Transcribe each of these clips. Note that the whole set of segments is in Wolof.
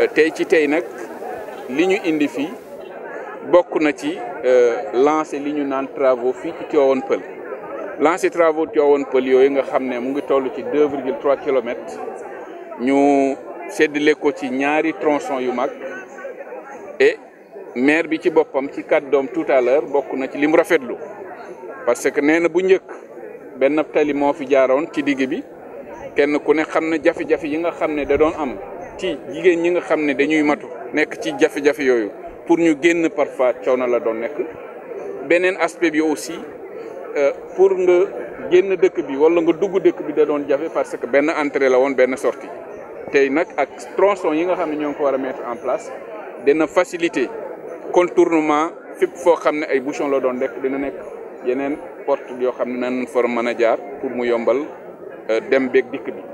Euh, tey ci tey nag li ñu indi fii bokk na ci euh, lancer li ñu naan travaux fii ci Tivaouane Peul lancer travaux Tivaouane Peul yooyu nga xam ne mu ngi toll ci deux virgule trois kilomètres ñu séddale ko ci ñaari tronçon yu mag et maire bi ci boppam ci kàddoom tout à l'heure bokk na ci li mu rafetlu parce que nee na bu njëkk benn tali moo fi jaaroon ci digg bi kenn ku ne xam na jafe-jafe yi nga xam ne da doon am ci jigéen ñi nga xam ne dañuy matu nekk ci jafe-jafe yooyu pour ñu génn parfois coono la doon nekk beneen aspect bi aussi euh, pour nga génn dëkk bi wala nga dugg dëkk bi da doon jafe parce que benn entrée la woon benn sortie tey nag ak tronçon yi nga xam ne ñoo ngi ko war a mettre en place dina faciliter contournement fépp foo xam ne ay bouchon la doon nekk dina nekk yeneen porte yoo xam ne nan fa mën a jaar pour mu yombal euh, dem beeg dikk bi.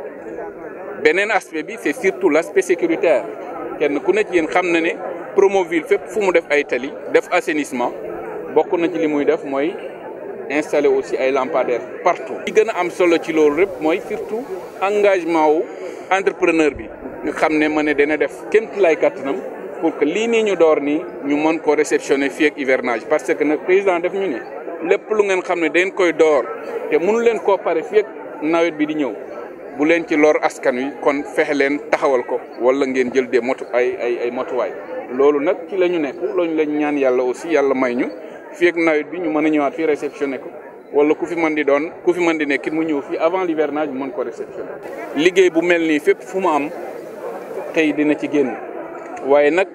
benen aspect bi c'est surtout l'aspect sécuritaire kenn ku ne ci yéen xam na ne Promoville fépp fu mu def ay tali def assainissement bokku na ci li muy def moy installer aussi ay lampadaires partout. li gën a am solo ci loolu rep moy surtout engagement wu entrepreneur bi ñu xam ne ma dana def kent lay kattanam pour que li ni ñu door ni ñu mën ko réceptionner fi ak hivernage parce que nag président def ñu ne lepp lu ngeen xam ne dañ koy door te mënu leen koo pare fii ak nawet bi di ñëw. bu leen ci lor askan wi kon fexe leen taxawal ko wala ngeen jël de motu ay ay ay loolu nag ci la ñu nekk loolu lañ ñaan yàlla aussi yàlla may ñu fii ak nawet bi ñu mën a ñëwaat fii réceptionné ko wala ku fi mën di doon ku fi mën di nekkit mu ñëw fii avant l'hivernage mu mën ko réceptionné liggéey bu mel nii fépp fu ma am tey dina ci génn waaye nag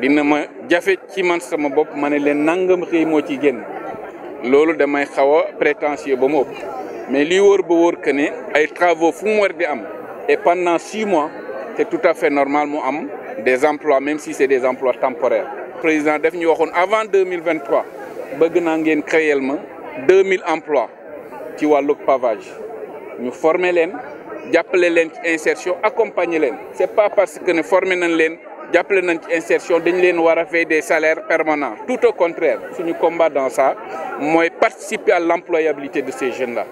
dina ma jafe ci man sama bopp ma ne leen nangam xëy moo ciy génn loolu damay xaw a prétentieux ba mu ëpp mais ce wor que ay travaux fu et pendant six mois c'est tout à fait normal des emplois même si c'est des emplois temporaires président def ñu waxone avant 2023 bëgg na créer 2000 emplois ci formons, pavage ñu former len à l'insertion, ci insertion accompagner len c'est pas parce que nous former nañ nous les nañ ci insertion dañ len des salaires permanents tout au contraire suñu combat dans ça moy participer à l'employabilité de ces jeunes là